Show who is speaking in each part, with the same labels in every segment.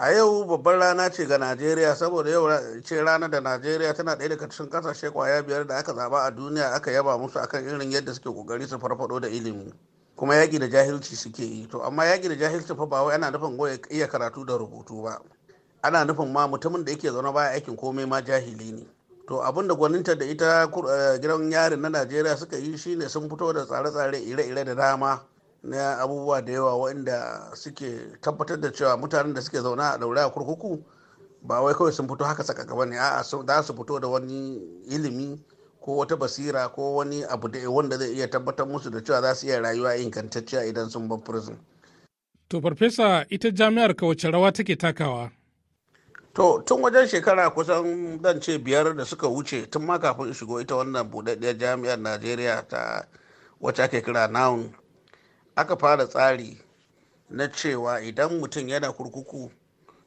Speaker 1: a yau babban rana ce ga najeriya saboda yau ce rana da najeriya tana ɗaya daga cikin ƙasashe kwaya biyar da aka zaba a duniya aka yaba musu akan irin yadda suke kokari su farfado da ilimi kuma yaƙi da jahilci suke yi to amma yaƙi da jahilci fa ba wai ana nufin goya iya karatu da rubutu ba ana nufin ma mutumin da yake zaune baya aikin komai ma jahili ne to abin da gwaninta da ita eh, gidan yarin na najeriya suka yi shine sun fito da tsare-tsare ire-ire da dama na abubuwa da yawa waɗanda suke tabbatar da cewa mutanen da suke zauna a daura a kurkuku ba wai kawai sun fito haka saka gaba ne a za su fito da wani ilimi ko wata basira ko wani abu da wanda zai iya tabbatar musu da cewa za su iya rayuwa ingantacciya idan sun bar prison. To farfesa ita jami'ar ka wace rawa take takawa? To tun wajen shekara kusan zan ce biyar da suka wuce tun ma kafin shigo ita wannan buɗaɗɗiyar jami'ar Najeriya ta wacce ake kira Noun aka fara tsari na cewa idan mutum yana kurkuku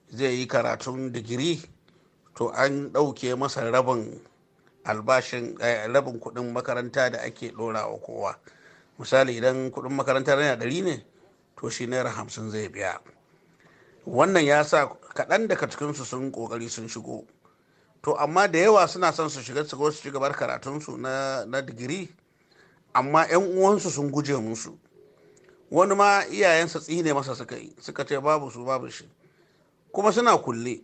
Speaker 1: zai yi karatun digiri to an ɗauke masa rabin albashin eh, rabin kuɗin makaranta da ake ɗorawa kowa misali idan kuɗin makaranta yana ɗari ne to shi naira hamsin zai biya wannan ya sa kaɗan daga cikinsu sun ƙoƙari sun shigo to amma da yawa suna son su shiga su ci gabar karatunsu na digiri amma 'yan uwansu sun guje musu wani ma iyayensa tsine masa suka yi suka ce babu su babu shi kuma suna kulle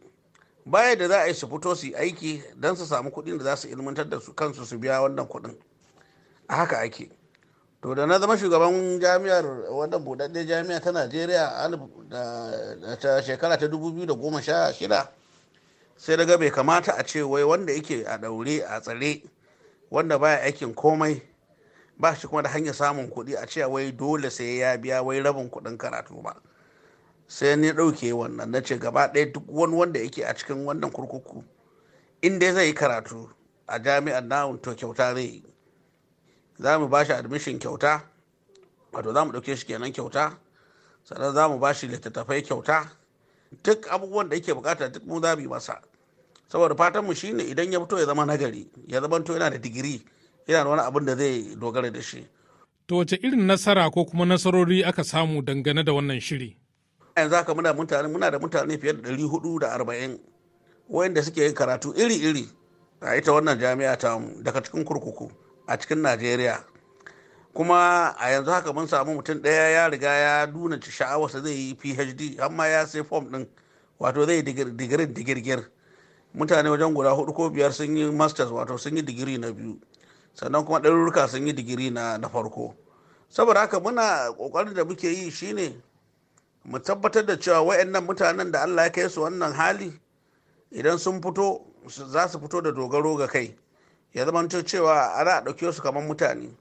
Speaker 1: baya da za a yi su fito su yi aiki don su samu kuɗin da za su ilmantar da su kansu su biya wannan kuɗin a haka ake to da na zama shugaban jami'ar wannan buɗaɗɗe jami'a ta najeriya a shekara ta 2016 sai daga bai kamata a ce wai wanda yake a ɗaure a tsare wanda baya aikin komai ba shi kuma da hanyar samun kuɗi a cewa wai dole sai ya biya wai rabin kuɗin karatu ba sai ni ɗauke wannan na ce gaba ɗaya duk wani wanda yake a cikin wannan kurkuku inda zai yi karatu a jami'ar nawun to kyauta zai yi za mu ba shi admission kyauta wato za mu ɗauke shi kenan kyauta sannan za mu ba shi littattafai kyauta duk abubuwan da yake bukata duk mu za mu yi masa saboda fatanmu shine idan ya fito ya zama nagari ya zama to yana da digiri yana da wani abin da zai dogara da shi to wace irin nasara ko kuma nasarori aka samu dangane da wannan shiri yanzu haka muna mutane muna da mutane fiye da hudu da arba'in wayanda suke yin karatu iri-iri a ita wannan jami'a ta daga cikin kurkuku a cikin najeriya kuma a yanzu haka mun samu mutum ɗaya ya riga ya nuna sa zai yi phd amma ya sai fom ɗin wato zai digirin digirgir mutane wajen guda hudu ko biyar sun yi masters wato sun yi digiri na biyu sannan kuma ɗarurruka sun yi digiri na farko saboda haka muna ƙoƙarin da muke yi shine mu tabbatar da cewa wayannan mutanen da Allah ya kai su wannan hali idan sun fito za su fito da dogaro ga kai ya zama cewa ana ɗauke su kamar mutane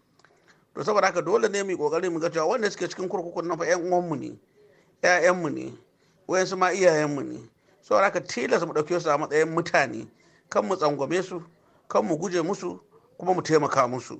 Speaker 1: to saboda haka dole ne mu yi ƙoƙari mu ga cewa wanda suke cikin kurkukun nan fa ƴan uwanmu ne ƴaƴanmu ne wayansu ma iyayen mu ne saboda haka tilas mu ɗauke su a matsayin mutane kan mu tsangwame su kan mu guje musu kuma mu taimaka musu